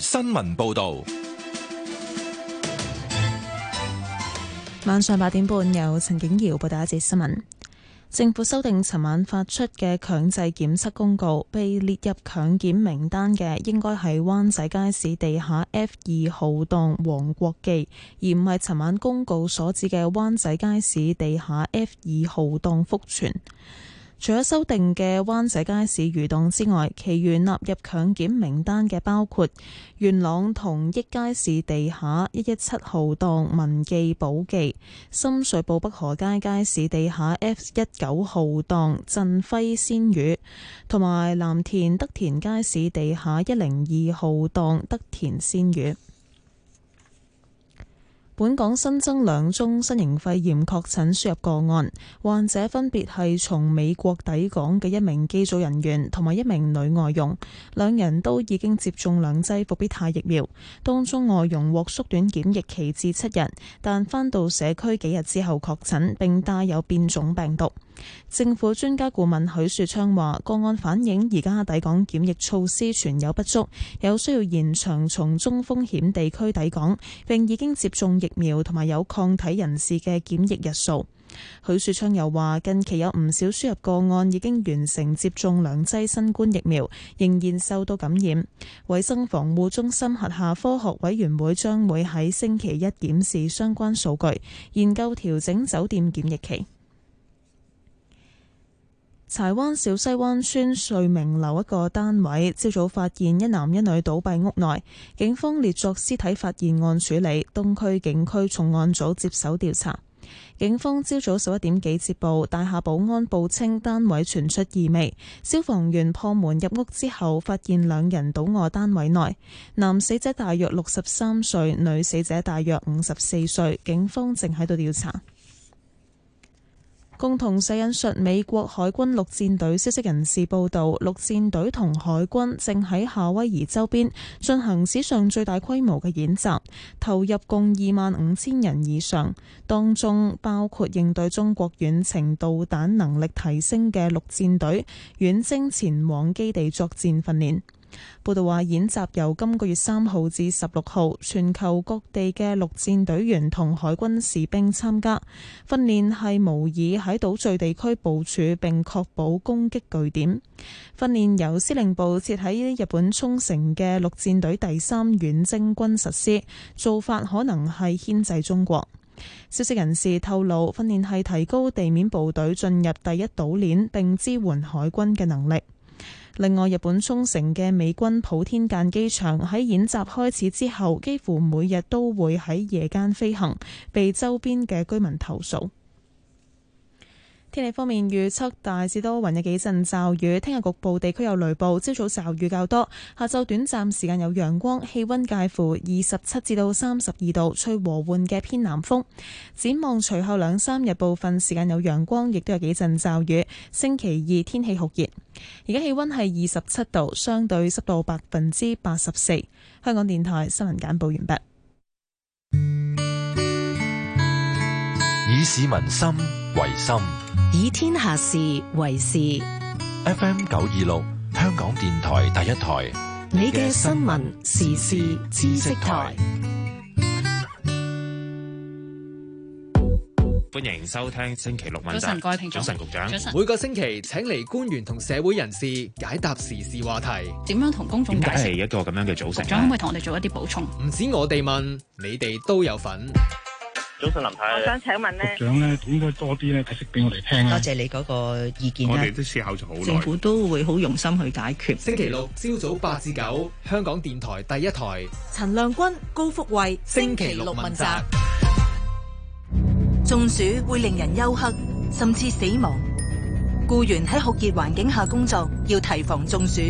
新聞報道。晚上八點半，由陳景瑤報道一節新聞。政府修訂尋晚發出嘅強制檢測公告，被列入強檢名單嘅，應該係灣仔街市地下 F 二號檔黃國記，而唔係尋晚公告所指嘅灣仔街市地下 F 二號檔福全。除咗修訂嘅灣仔街市魚檔之外，其餘納入，入強檢名單嘅包括元朗同益街市地下一一七號檔文記寶記、深水埗北河街街市地下 F 一九號檔振輝鮮魚，同埋藍田德田街市地下一零二號檔德田鮮魚。本港新增兩宗新型肺炎確診輸入個案，患者分別係從美國抵港嘅一名機組人員同埋一名女外傭，兩人都已經接種兩劑復必泰疫苗，當中外傭獲縮短檢疫期至七日，但翻到社區幾日之後確診並帶有變種病毒。政府專家顧問許樹昌話，個案反映而家抵港檢疫措施存有不足，有需要延長從中風險地區抵港並已經接種疫苗同埋有抗體人士嘅檢疫日數。許樹昌又話，近期有唔少輸入個案已經完成接種兩劑新冠疫苗，仍然受到感染。衛生防護中心轄下科學委員會將會喺星期一檢視相關數據，研究調整酒店檢疫期。柴灣小西灣村瑞明樓一個單位，朝早發現一男一女倒斃屋內，警方列作屍體發現案處理，東區警區重案組接手調查。警方朝早十一點幾接報，大廈保安報稱單位傳出異味，消防員破門入屋之後，發現兩人倒臥單位內，男死者大約六十三歲，女死者大約五十四歲，警方正喺度調查。共同社引述美國海軍陸戰隊消息人士報道，陸戰隊同海軍正喺夏威夷周邊進行史上最大規模嘅演習，投入共二萬五千人以上，當中包括應對中國遠程導彈能力提升嘅陸戰隊遠征前往基地作戰訓練。報道話演習由今個月三號至十六號，全球各地嘅陸戰隊員同海軍士兵參加訓練，訓練係模擬喺島嶼地區部署並確保攻擊據點。訓練由司令部設喺日本沖繩嘅陸戰隊第三遠征軍實施，做法可能係牽制中國。消息人士透露，訓練係提高地面部隊進入第一島鏈並支援海軍嘅能力。另外，日本沖繩嘅美軍普天間機場喺演習開始之後，幾乎每日都會喺夜間飛行，被周邊嘅居民投訴。天氣方面預測大致多雲，有幾陣驟雨，聽日局部地區有雷暴，朝早驟雨較多，下晝短暫時間有陽光，氣溫介乎二十七至到三十二度，吹和緩嘅偏南風。展望隨後兩三日部分時間有陽光，亦都有幾陣驟雨。星期二天氣酷熱，而家氣溫係二十七度，相對濕度百分之八十四。香港電台新聞簡報完畢。以市民心為心。以天下事為事。FM 九二六，香港電台第一台，你嘅新聞時事知識台。歡迎收聽星期六晚站。早晨上、嗯，局長。上每個星期請嚟官員同社會人士解答時事話題。點樣同公眾解釋？一個咁樣嘅組成。局長可唔可以同我哋做一啲補充？唔止我哋問，你哋都有份。早晨林太，我想請問呢，局長咧，應該多啲咧，解釋俾我哋聽。多謝你嗰個意見，啊，我哋都思考就好啦。政府都會好用心去解決。星期六朝早八至九， 香港電台第一台。陳亮君、高福慧，星期六問責。中暑會令人休克，甚至死亡。僱員喺酷熱環境下工作，要提防中暑。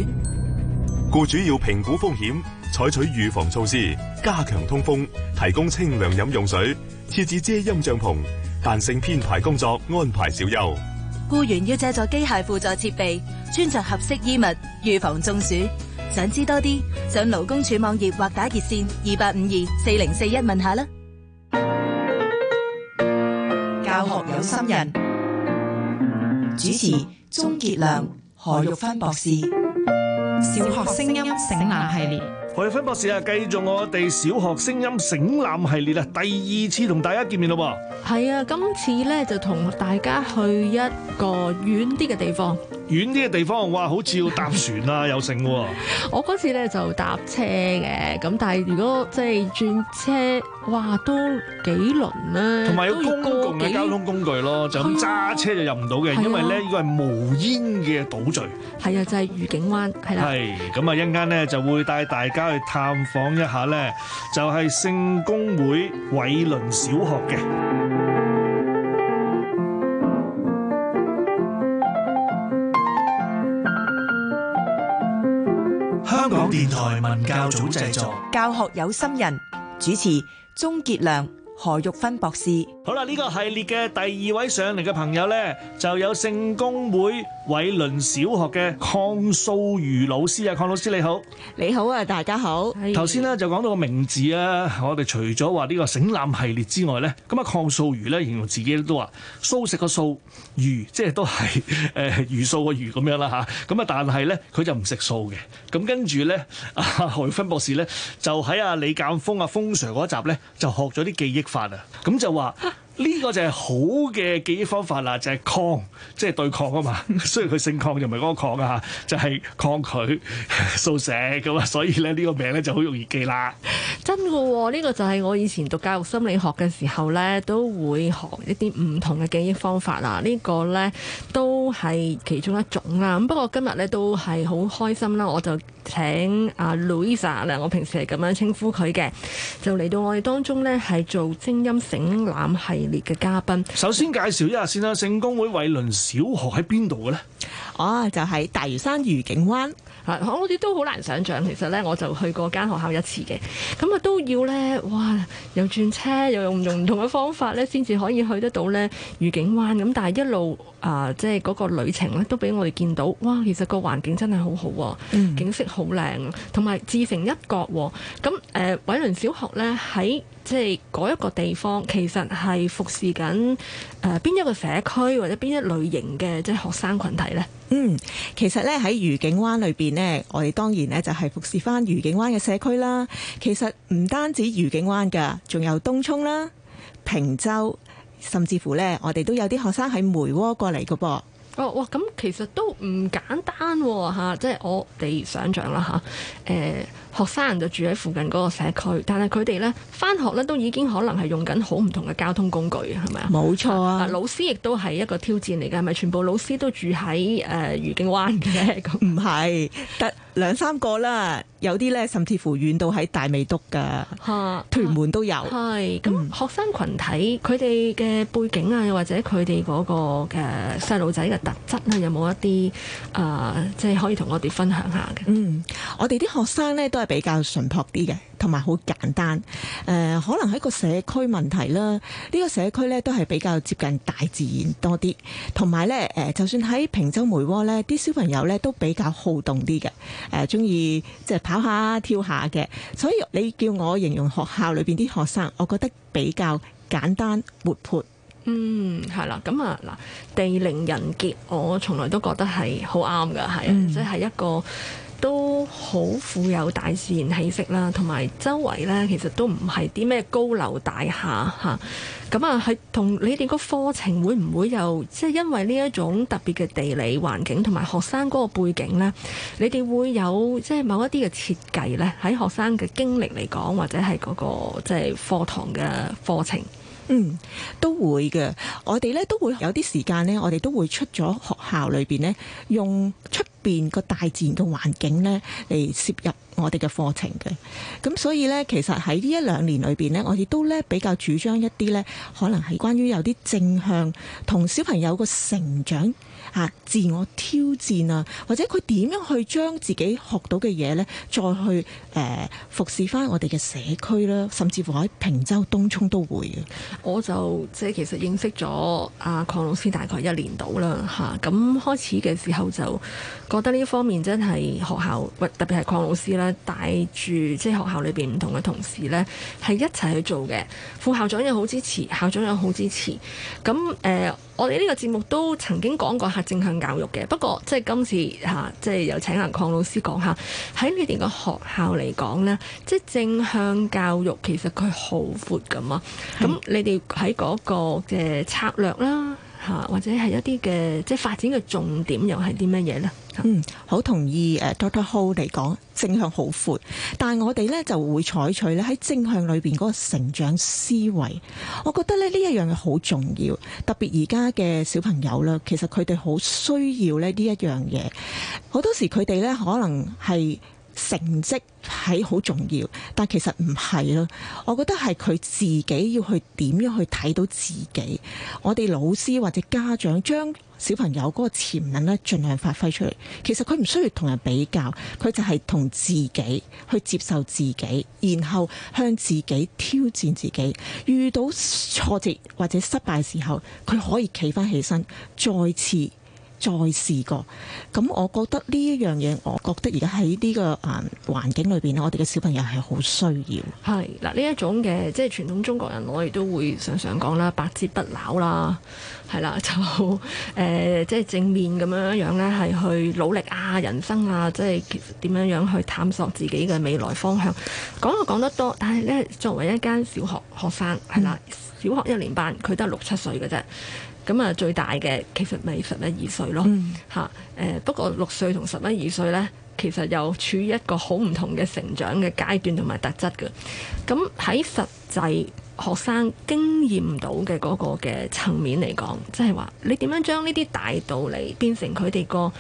僱主要評估風險，採取預防措施，加強通風，提供清涼飲用水。設置遮陰帳篷，彈性編排工作安排小，小休。僱員要借助機械輔助設備，穿着合適衣物，預防中暑。想知多啲，上勞工處網頁或打熱線二八五二四零四一問下啦。教學有心人，主持鍾杰良、何玉芬博士，小學聲音省覽系列。我係分博士啊，繼續我哋小學聲音省覽系列啊，第二次同大家見面咯噃。係啊，今次咧，就同大家去一個遠啲嘅地方。遠啲嘅地方，哇，好似要搭船啊，有剩。我嗰次咧就搭車嘅，咁但係如果即係轉車，哇，都幾輪啦，同埋有公共嘅交通工具咯，就咁揸車就入唔到嘅，因為咧呢個係無煙嘅島嶼。係啊，就係、是、愉景灣，係啦。係，咁啊一陣間咧就會帶大家去探訪一下咧，就係聖公會偉倫小學嘅。電台文教組製作,作，教學有心人主持，鍾杰良。何玉芬博士，好啦，呢個系列嘅第二位上嚟嘅朋友咧，就有聖公會偉倫小學嘅鄺素茹老師啊，鄺老師你好，你好啊，大家好。頭先咧就講到個名字啊，我哋除咗話呢個省覽系列之外咧，咁啊鄺素茹咧形容自己都話，素食個素，茹即係都係誒，茹素個茹咁樣啦吓，咁啊但係咧佢就唔食素嘅，咁跟住咧何玉芬博士咧就喺阿李鑒峰阿峰 sir 嗰一集咧就學咗啲記憶。法啊，咁就話呢、這個就係好嘅記憶方法啦，就係、是、抗，即、就、係、是、對抗啊嘛。雖然佢姓鄺就唔係嗰個抗啊，就係、是、抗拒、素 茹咁啊。所以咧呢個名咧就好容易記啦。真噶、哦，呢、這個就係我以前讀教育心理學嘅時候咧，都會學一啲唔同嘅記憶方法啦。這個、呢個咧都係其中一種啦。咁不過今日咧都係好開心啦，我就。請阿 Louisa 啦，我平時係咁樣稱呼佢嘅，就嚟到我哋當中咧，係做聲音省覽系列嘅嘉賓。首先介紹一下先啦，聖公會偉倫小學喺邊度嘅咧？哦，就喺、是、大嶼山愉景灣啊！我哋都好難想像，其實咧，我就去過間學校一次嘅，咁啊都要咧，哇！又轉車，又用唔同唔同嘅方法咧，先至可以去得到咧愉景灣。咁但係一路啊，即係嗰個旅程咧，都俾我哋見到，哇！其實個環境真係好好、啊，嗯、景色好靚，同埋自成一國、啊。咁誒，偉、呃、倫小學咧喺。即係嗰一個地方，其實係服侍緊誒邊一個社區或者邊一類型嘅即係學生群體呢？嗯，其實咧喺愉景灣裏邊呢，我哋當然咧就係服侍翻愉景灣嘅社區啦。其實唔單止愉景灣噶，仲有東涌啦、坪洲，甚至乎呢，我哋都有啲學生喺梅窩過嚟嘅噃。哦，哇！咁其實都唔簡單喎、啊啊，即係我哋想象啦，嚇、啊，誒。學生就住喺附近嗰個社區，但係佢哋呢返學呢都已經可能係用緊好唔同嘅交通工具，係咪啊？冇錯啊！老師亦都係一個挑戰嚟嘅，係咪全部老師都住喺誒愉景灣嘅？咁唔係得兩三個啦，有啲呢甚至乎遠到喺大美督㗎，啊、屯門都有。係咁，學生群體佢哋嘅背景啊，或者佢哋嗰個嘅細路仔嘅特質咧、啊，有冇一啲誒、呃，即係可以同我哋分享下嘅？嗯，我哋啲學生呢都係。比較淳樸啲嘅，同埋好簡單。誒、呃，可能喺個社區問題啦，呢、這個社區呢都係比較接近大自然多啲。同埋呢，誒，就算喺坪洲梅窩呢啲小朋友呢都比較好動啲嘅。誒，中意即係跑下跳下嘅。所以你叫我形容學校裏邊啲學生，我覺得比較簡單活潑。嗯，係啦。咁啊，嗱，地靈人傑，我從來都覺得係好啱㗎，係即係一個。都好富有大自然氣息啦，同埋周圍咧，其實都唔係啲咩高樓大廈吓，咁啊，係同你哋個課程會唔會有，即係因為呢一種特別嘅地理環境同埋學生嗰個背景咧，你哋會有即係某一啲嘅設計咧，喺學生嘅經歷嚟講，或者係嗰個即係課堂嘅課程。嗯，都會嘅。我哋咧都會有啲時間咧，我哋都會出咗學校裏邊咧用出。邊個大自然嘅環境呢，嚟涉入我哋嘅課程嘅，咁所以呢，其實喺呢一兩年裏面，呢我亦都呢比較主張一啲呢可能係關於有啲正向同小朋友個成長。自我挑戰啊，或者佢點樣去將自己學到嘅嘢呢，再去誒、呃、服侍翻我哋嘅社區啦，甚至乎喺平洲、東涌都會。我就即係其實認識咗阿鄺老師大概一年到啦嚇，咁開始嘅時候就覺得呢方面真係學校，特別係鄺老師啦，帶住即係學校裏邊唔同嘅同事呢，係一齊去做嘅。副校長又好支持，校長又好支持。咁誒、呃，我哋呢個節目都曾經講過。正向教育嘅，不過即係今次嚇，即係有請阿鄺老師講下，喺你哋個學校嚟講咧，即係正向教育其實佢好闊㗎嘛，咁是你哋喺嗰個嘅策略啦。或者係一啲嘅即係發展嘅重點，又係啲乜嘢呢？嗯，好同意誒，Doctor Ho 嚟講，正向好闊，但係我哋呢就會採取咧喺正向裏邊嗰個成長思維，我覺得咧呢一樣嘢好重要，特別而家嘅小朋友啦，其實佢哋好需要咧呢一樣嘢，好多時佢哋呢可能係。成績係好重要，但其實唔係咯。我覺得係佢自己要去點樣去睇到自己。我哋老師或者家長將小朋友嗰個潛能咧，盡量發揮出嚟。其實佢唔需要同人比較，佢就係同自己去接受自己，然後向自己挑戰自己。遇到挫折或者失敗時候，佢可以企返起身，再次。再試過，咁我覺得呢一樣嘢，我覺得而家喺呢個誒環境裏邊，我哋嘅小朋友係好需要。係嗱，呢一種嘅即係傳統中國人，我哋都會常常講啦，百折不撓啦，係啦，就誒、呃、即係正面咁樣樣咧，係去努力啊，人生啊，即係點樣樣去探索自己嘅未來方向。講就講得多，但係呢，作為一間小學學生係啦，小學一年班，佢都係六七歲嘅啫。咁啊，最大嘅其實咪十一二歲咯，吓、嗯，誒、呃、不過六歲同十一二歲呢，其實又處於一個好唔同嘅成長嘅階段同埋特質嘅。咁喺實際學生經驗到嘅嗰個嘅層面嚟講，即係話，你點樣將呢啲大道理變成佢哋個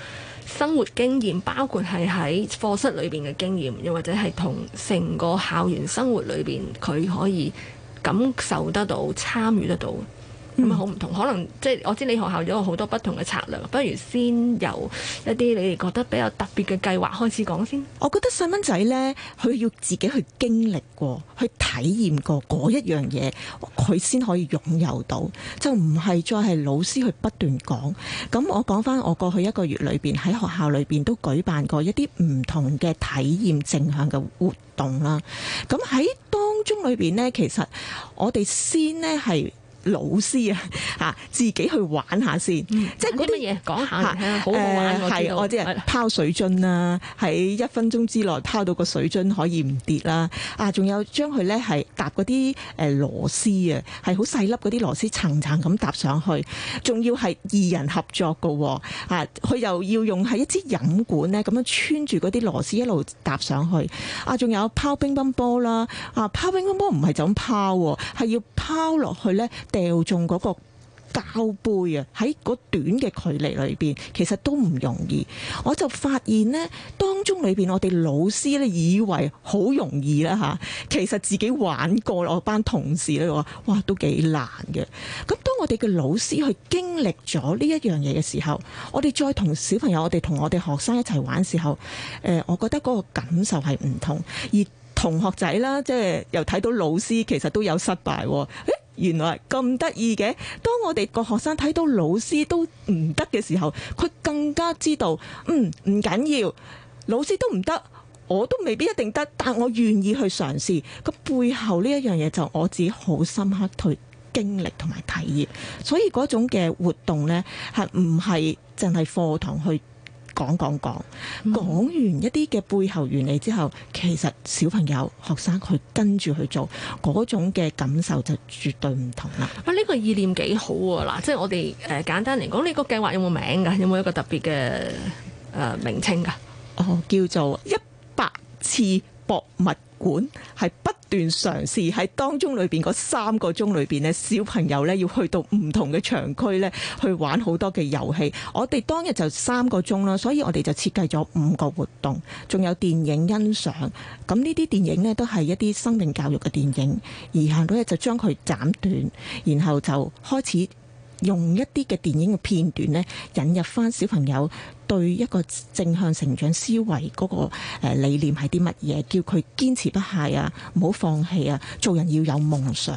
生活經驗，包括係喺課室裏邊嘅經驗，又或者係同成個校園生活裏邊，佢可以感受得到、參與得到。咁啊，好唔同，可能即係我知你學校有好多不同嘅策略，不如先由一啲你哋覺得比較特別嘅計劃開始講先。我覺得細蚊仔咧，佢要自己去經歷過，去體驗過嗰一樣嘢，佢先可以擁有到，就唔係再係老師去不斷講。咁我講翻我過去一個月裏邊喺學校裏邊都舉辦過一啲唔同嘅體驗正向嘅活動啦。咁喺當中裏邊咧，其實我哋先咧係。是老師啊，嚇自己去玩下先，嗯、即係啲嘢講下、啊看看，好好玩喎！呃、我即係拋水樽啦，喺一分鐘之內拋到個水樽可以唔跌啦。啊，仲有將佢咧係搭嗰啲誒螺絲啊，係好細粒嗰啲螺絲，層層咁搭上去，仲要係二人合作嘅喎。啊，佢又要用係一支飲管咧，咁樣穿住嗰啲螺絲一路搭上去。啊，仲有拋乒乓波啦。啊，拋乒乓波唔係就咁拋，係要拋落去咧。掉中嗰個膠杯啊，喺嗰短嘅距離裏面，其實都唔容易。我就發現呢，當中裏面我哋老師咧以為好容易啦，嚇，其實自己玩過我班同事咧話，哇，都幾難嘅。咁當我哋嘅老師去經歷咗呢一樣嘢嘅時候，我哋再同小朋友，我哋同我哋學生一齊玩時候，我覺得嗰個感受係唔同。而同學仔啦，即係又睇到老師其實都有失敗喎，原來咁得意嘅，當我哋個學生睇到老師都唔得嘅時候，佢更加知道，嗯，唔緊要，老師都唔得，我都未必一定得，但我願意去嘗試。咁背後呢一樣嘢就我自己好深刻去經歷同埋體驗，所以嗰種嘅活動呢，係唔係淨係課堂去？講講講，講完一啲嘅背後原理之後，其實小朋友、學生去跟住去做嗰種嘅感受就絕對唔同啦。啊，呢個意念幾好啊！嗱，即係我哋誒簡單嚟講，呢個計劃有冇名噶？有冇一個特別嘅誒名稱噶？哦，叫做一百次博物館係不。段嘗試喺當中裏邊嗰三個鐘裏邊呢，小朋友呢，要去到唔同嘅場區呢，去玩好多嘅遊戲。我哋當日就三個鐘啦，所以我哋就設計咗五個活動，仲有電影欣賞。咁呢啲電影呢都係一啲生命教育嘅電影，而行日就將佢斬斷，然後就開始用一啲嘅電影嘅片段呢引入返小朋友。對一個正向成長思維嗰個誒理念係啲乜嘢？叫佢堅持不懈啊，唔好放棄啊！做人要有夢想。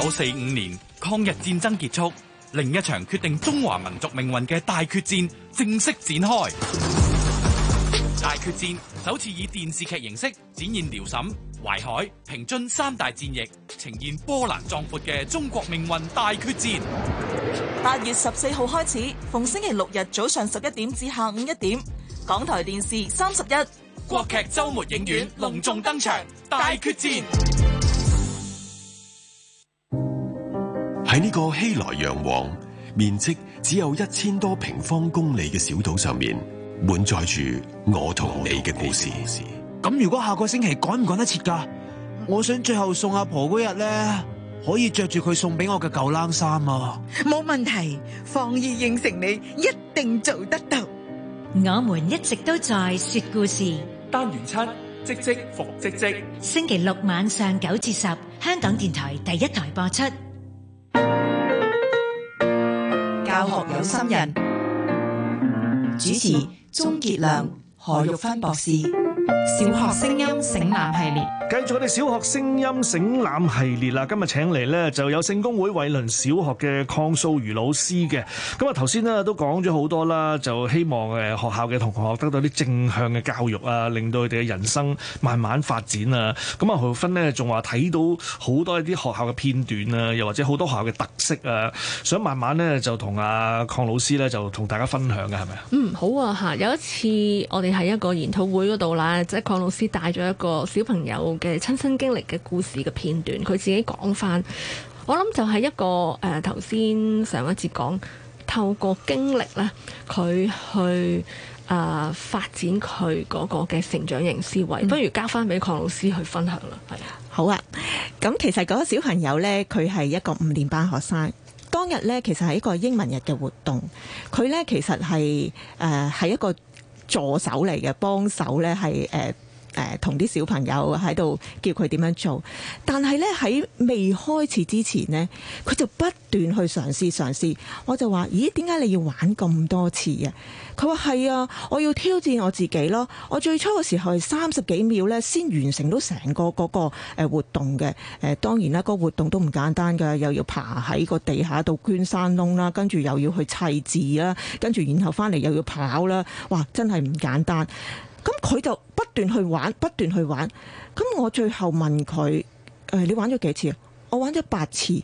九四五年，抗日戰爭結束，另一場決定中華民族命運嘅大決戰正式展開。大決戰首次以電視劇形式展現遼沈、淮海、平津三大戰役，呈現波瀾壯闊嘅中國命運大決戰。八月十四號開始，逢星期六日早上十一點至下午一點，港台電視三十一國劇周末影院隆重登場，《大決戰》。喺呢個熙來攘往、面積只有一千多平方公里嘅小島上面，滿載住我同你嘅故事。咁如果下個星期趕唔趕得切噶？我想最後送阿婆嗰日咧，可以着住佢送俾我嘅舊冷衫啊！冇問題，方姨應承你，一定做得到。我們一直都在說故事。單元七，積積福，積積。星期六晚上九至十，香港電台第一台播出。教學有心人，主持鍾傑良、何玉芬博士。小學聲音省覽系列，繼續我哋小學聲音省覽系列啦。今日請嚟咧就有聖公會偉倫小學嘅鄺素茹老師嘅。咁啊，頭先咧都講咗好多啦，就希望誒學校嘅同學得到啲正向嘅教育啊，令到佢哋嘅人生慢慢發展啊。咁啊，何芬呢仲話睇到好多一啲學校嘅片段啊，又或者好多學校嘅特色啊，想慢慢咧就同阿鄺老師咧就同大家分享嘅係咪啊？是是嗯，好啊吓，有一次我哋喺一個研討會嗰度啦。即係鄺老師帶咗一個小朋友嘅親身經歷嘅故事嘅片段，佢自己講翻，我諗就係一個誒頭先上一節講透過經歷咧，佢去誒發展佢嗰個嘅成長型思維。嗯、不如交翻俾鄺老師去分享啦，係啊，好啊。咁其實嗰個小朋友咧，佢係一個五年班學生，當日咧其實係一個英文日嘅活動，佢咧其實係誒係一個。助手嚟嘅，幫手咧係誒。同啲、呃、小朋友喺度叫佢點樣做，但係呢，喺未開始之前呢，佢就不斷去嘗試嘗試。我就話：咦，點解你要玩咁多次啊？佢話：係啊，我要挑戰我自己咯。我最初嘅時候係三十幾秒呢，先完成到成個嗰個活動嘅誒、呃。當然啦，嗰、嗰個活動都唔簡單㗎，又要爬喺個地下度捐山窿啦，跟住又要去砌字啦，跟住然後翻嚟又要跑啦。哇，真係唔簡單。咁佢就不斷去玩，不斷去玩。咁我最後問佢、哎：你玩咗幾次啊？我玩咗八次，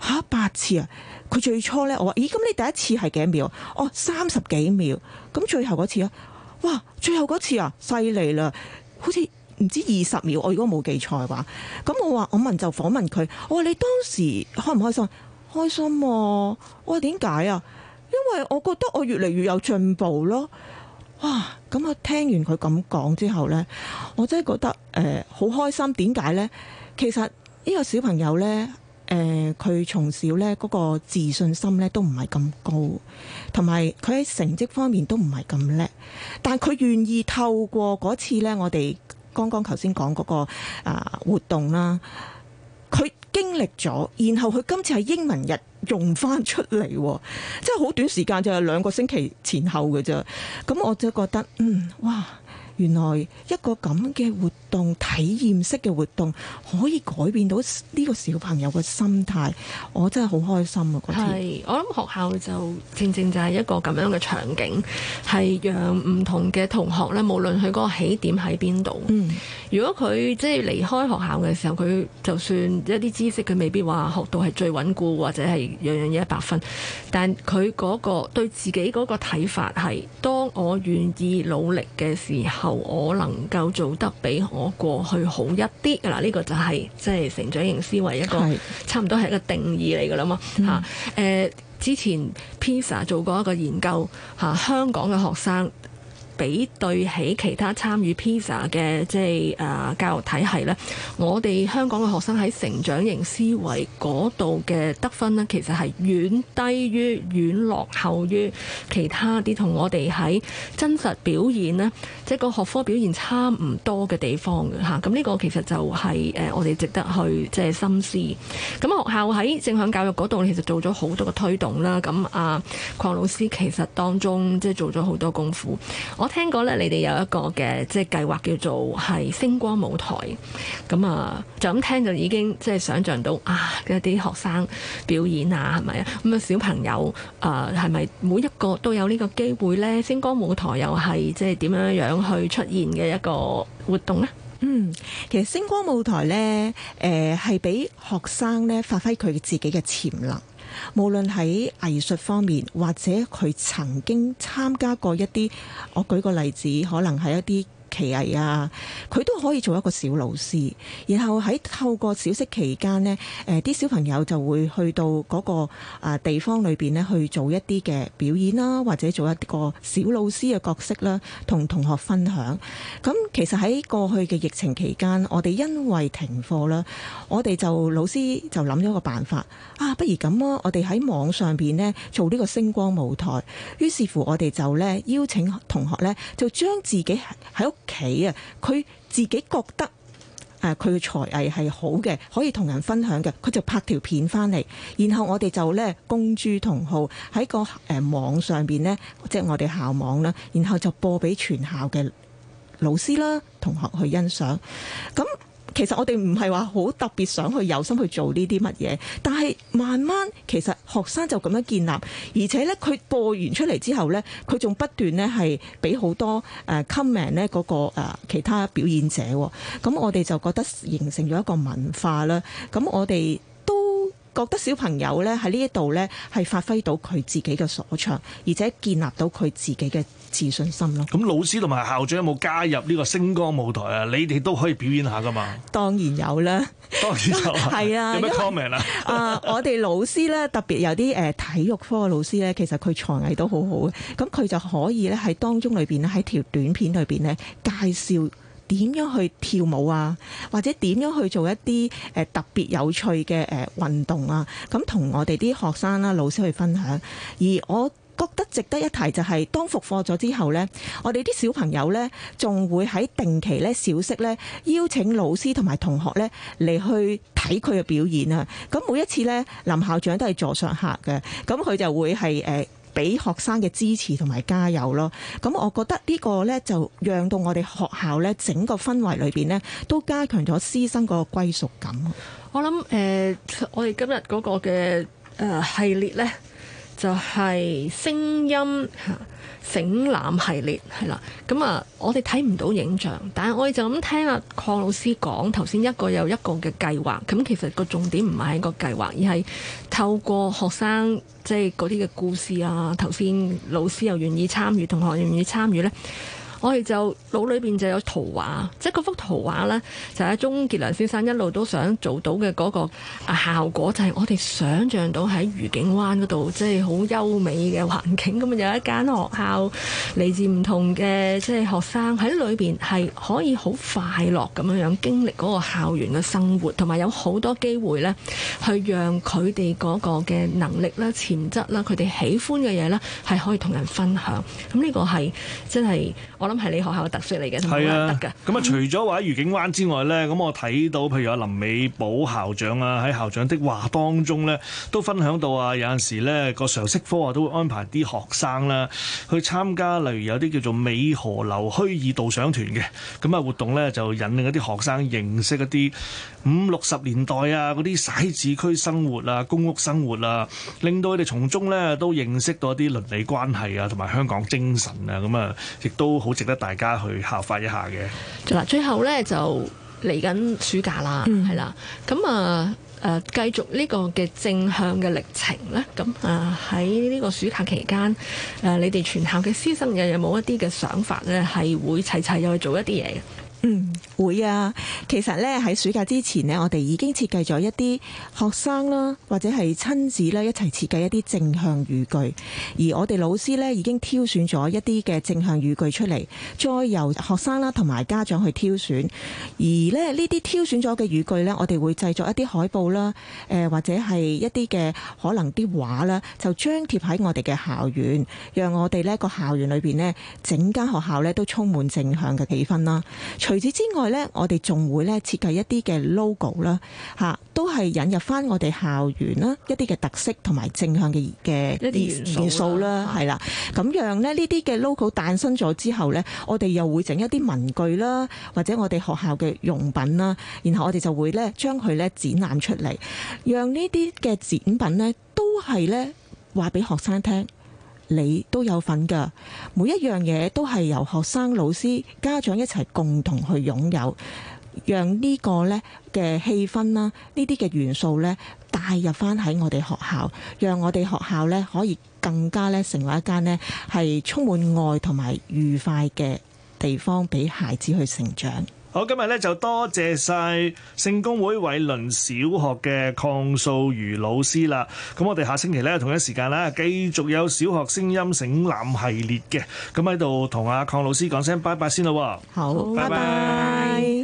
吓八次啊！佢最初呢，我話：咦，咁你第一次係幾秒？我三十幾秒。咁最後嗰次啊？「哇，最後嗰次啊，犀利啦，好似唔知二十秒。我如果冇記錯嘅話，咁我話我問我就訪問佢，我話你當時開唔開心？開心喎、啊。」我話點解啊？因為我覺得我越嚟越有進步咯。哇！咁我聽完佢咁講之後呢，我真係覺得呃、好開心。點解呢？其實呢個小朋友呢，呃、佢從小呢嗰個自信心呢都唔係咁高，同埋佢喺成績方面都唔係咁叻。但佢願意透過嗰次呢我哋剛剛頭先講嗰個啊活動啦，佢經歷咗，然後佢今次係英文日。用翻出嚟，即係好短時間，就係兩個星期前後嘅啫。咁我就覺得，嗯，哇！原來一個咁嘅活動體驗式嘅活動可以改變到呢個小朋友嘅心態，我真係好開心啊！嗰次係，我諗學校就正正就係一個咁樣嘅場景，係讓唔同嘅同學咧，無論佢個起點喺邊度。嗯，如果佢即係離開學校嘅時候，佢就算一啲知識佢未必話學到係最穩固，或者係樣樣嘢一百分。但佢，嗰個對自己個睇法係當我願意努力嘅時候。我能夠做得比我過去好一啲，啦、啊。呢、這個就係即係成長型思維，一個是差唔多係一個定義嚟噶啦嘛吓誒，之前 PISA 做過一個研究吓、啊、香港嘅學生。比對起其他參與 pizza 嘅即係誒教育體系呢。我哋香港嘅學生喺成長型思維嗰度嘅得分呢，其實係遠低於、遠落後於其他啲同我哋喺真實表現呢，即係個學科表現差唔多嘅地方嘅嚇。咁呢個其實就係誒我哋值得去即係深思。咁學校喺正向教育嗰度其實做咗好多嘅推動啦。咁啊，鄺老師其實當中即係做咗好多功夫。我聽過咧，你哋有一個嘅即係計劃叫做係星光舞台，咁啊就咁聽就已經即係想像到啊一啲學生表演啊，係咪啊？咁啊小朋友啊係咪每一個都有呢個機會咧？星光舞台又係即係點樣樣去出現嘅一個活動咧？嗯，其實星光舞台咧，誒係俾學生咧發揮佢自己嘅潛能。無論喺藝術方面，或者佢曾經參加過一啲，我舉個例子，可能係一啲。奇藝啊，佢都可以做一個小老師，然後喺透過小息期間呢，誒啲小朋友就會去到嗰個啊地方裏邊呢，去做一啲嘅表演啦，或者做一個小老師嘅角色啦，同同學分享。咁其實喺過去嘅疫情期間，我哋因為停課啦，我哋就老師就諗咗一個辦法啊，不如咁啊，我哋喺網上邊呢做呢個星光舞台，於是乎我哋就呢邀請同學呢，就將自己喺屋企啊，佢自己覺得誒佢嘅才藝係好嘅，可以同人分享嘅，佢就拍一條片翻嚟，然後我哋就咧公諸同好喺個誒網上邊咧，即係我哋校網啦，然後就播俾全校嘅老師啦、同學去欣賞，咁。其實我哋唔係話好特別想去有心去做呢啲乜嘢，但係慢慢其實學生就咁樣建立，而且呢，佢播完出嚟之後呢，佢仲不斷呢係俾好多誒 comment 呢嗰個、呃、其他表演者，咁我哋就覺得形成咗一個文化啦。咁我哋覺得小朋友咧喺呢度咧係發揮到佢自己嘅所長，而且建立到佢自己嘅自信心咯。咁老師同埋校長有冇加入呢個星光舞台啊？你哋都可以表演一下噶嘛？當然有啦，當然有，係 啊。有咩 comment 啊？啊、呃，我哋老師咧特別有啲誒體育科嘅老師咧，其實佢才藝都好好嘅，咁佢就可以咧喺當中裏邊咧喺條短片裏邊咧介紹。點樣去跳舞啊？或者點樣去做一啲誒特別有趣嘅誒運動啊？咁同我哋啲學生啦、老師去分享。而我覺得值得一提就係、是、當復課咗之後呢，我哋啲小朋友呢，仲會喺定期呢、小息呢，邀請老師同埋同學呢嚟去睇佢嘅表演啊！咁每一次呢，林校長都係座上客嘅，咁佢就會係誒。俾學生嘅支持同埋加油咯，咁我覺得呢個呢，就讓到我哋學校呢，整個氛圍裏邊呢，都加強咗師生個歸屬感。我諗誒、呃，我哋今日嗰個嘅誒、呃、系列呢。就係聲音省覽系列係啦，咁啊，我哋睇唔到影像，但係我哋就咁聽阿鄺老師講頭先一個又一個嘅計劃，咁其實個重點唔係一個計劃，而係透過學生即係嗰啲嘅故事啊，頭先老師又願意參與，同學又願意參與呢。我哋就腦裏邊就有圖畫，即係幅圖畫咧，就係鍾杰良先生一路都想做到嘅嗰個啊效果，就係我哋想象到喺愉景灣嗰度，即係好優美嘅環境，咁有一間學校嚟自唔同嘅即係學生喺裏邊係可以好快樂咁樣樣經歷嗰個校園嘅生活，同埋有好多機會咧，去讓佢哋嗰個嘅能力啦、潛質啦、佢哋喜歡嘅嘢咧，係可以同人分享。咁呢個係真係我。咁係你學校嘅特色嚟嘅，同啊。得噶。咁啊，除咗話喺愉景灣之外呢，咁我睇到，譬如阿林美寶校長啊，喺校長的話當中呢，都分享到啊，有陣時呢，個常識科啊，都會安排啲學生啦去參加，例如有啲叫做美荷樓虛擬導賞團嘅，咁啊活動呢就引領一啲學生認識一啲五六十年代啊嗰啲徙置區生活啊、公屋生活啊，令到佢哋從中呢都認識到一啲鄰里關係啊，同埋香港精神啊，咁啊亦都好。值得大家去效法一下嘅。嗱，最後咧就嚟緊暑假啦，係啦、嗯，咁啊誒、啊，繼續呢個嘅正向嘅歷程咧，咁啊喺呢個暑假期間，誒、啊，你哋全校嘅師生又有冇一啲嘅想法咧，係會齊齊又去做一啲嘢嘅？嗯，會啊！其實咧喺暑假之前呢，我哋已經設計咗一啲學生啦，或者係親子啦一齊設計一啲正向語句。而我哋老師咧已經挑選咗一啲嘅正向語句出嚟，再由學生啦同埋家長去挑選。而呢呢啲挑選咗嘅語句呢，我哋會製作一啲海報啦、呃，或者係一啲嘅可能啲畫啦，就張貼喺我哋嘅校園，讓我哋呢個校園裏邊呢，整間學校呢都充滿正向嘅氣氛啦。除此之外呢，我哋仲會呢設計一啲嘅 logo 啦，吓，都係引入翻我哋校園啦一啲嘅特色同埋正向嘅嘅元素啦，係啦，咁樣呢，呢啲嘅 logo 誕生咗之後呢，我哋又會整一啲文具啦，或者我哋學校嘅用品啦，然後我哋就會呢將佢呢展覽出嚟，讓呢啲嘅展品呢都係呢話俾學生聽，你都有份噶，每一樣嘢都係由學生、老師、家長一齊共同去擁有，讓呢個咧嘅氣氛啦，呢啲嘅元素咧帶入翻喺我哋學校，讓我哋學校咧可以更加咧成為一間咧係充滿愛同埋愉快嘅地方，俾孩子去成長。好，今日咧就多謝晒聖公會偉倫小學嘅鄺素茹老師啦。咁我哋下星期咧同一時間啦繼續有小學聲音醒覽系列嘅，咁喺度同阿鄺老師講聲拜拜先啦。好，拜拜。拜拜。